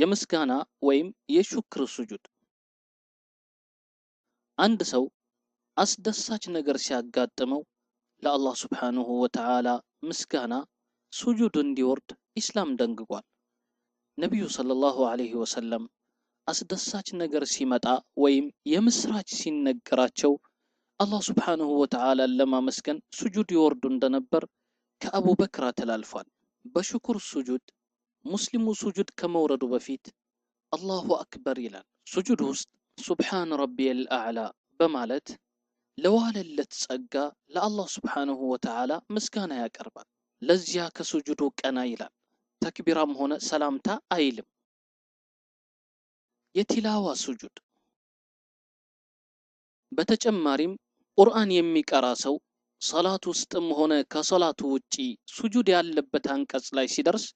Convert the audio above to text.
የምስጋና ወይም የሹክር ሱጁድ አንድ ሰው አስደሳች ነገር ሲያጋጥመው ለአላህ ስብሓንሁ ወተዓላ ምስጋና ሱጁድ እንዲወርድ ኢስላም ደንግጓል። ነቢዩ ሰለላሁ ዐለይሂ ወሰለም አስደሳች ነገር ሲመጣ ወይም የምስራች ሲነገራቸው አላህ ስብሓንሁ ወተዓላን ለማመስገን ሱጁድ ይወርዱ እንደነበር ከአቡበክር ተላልፏል። በሽኩር ሱጁድ ሙስሊሙ ሱጁድ ከመውረዱ በፊት አላሁ አክበር ይላል። ሱጁድ ውስጥ ሱብሓን ረቢየል አዕላ በማለት ለዋለለት ጸጋ ለአላህ ስብሓንሁ ወተዓላ ምስጋና ያቀርባል። ለዚያ ከሱጁዱ ቀና ይላል። ተክቢራም ሆነ ሰላምታ አይልም። የቲላዋ ሱጁድ በተጨማሪም ቁርአን የሚቀራ ሰው ሰላት ውስጥም ሆነ ከሰላቱ ውጪ ሱጁድ ያለበት አንቀጽ ላይ ሲደርስ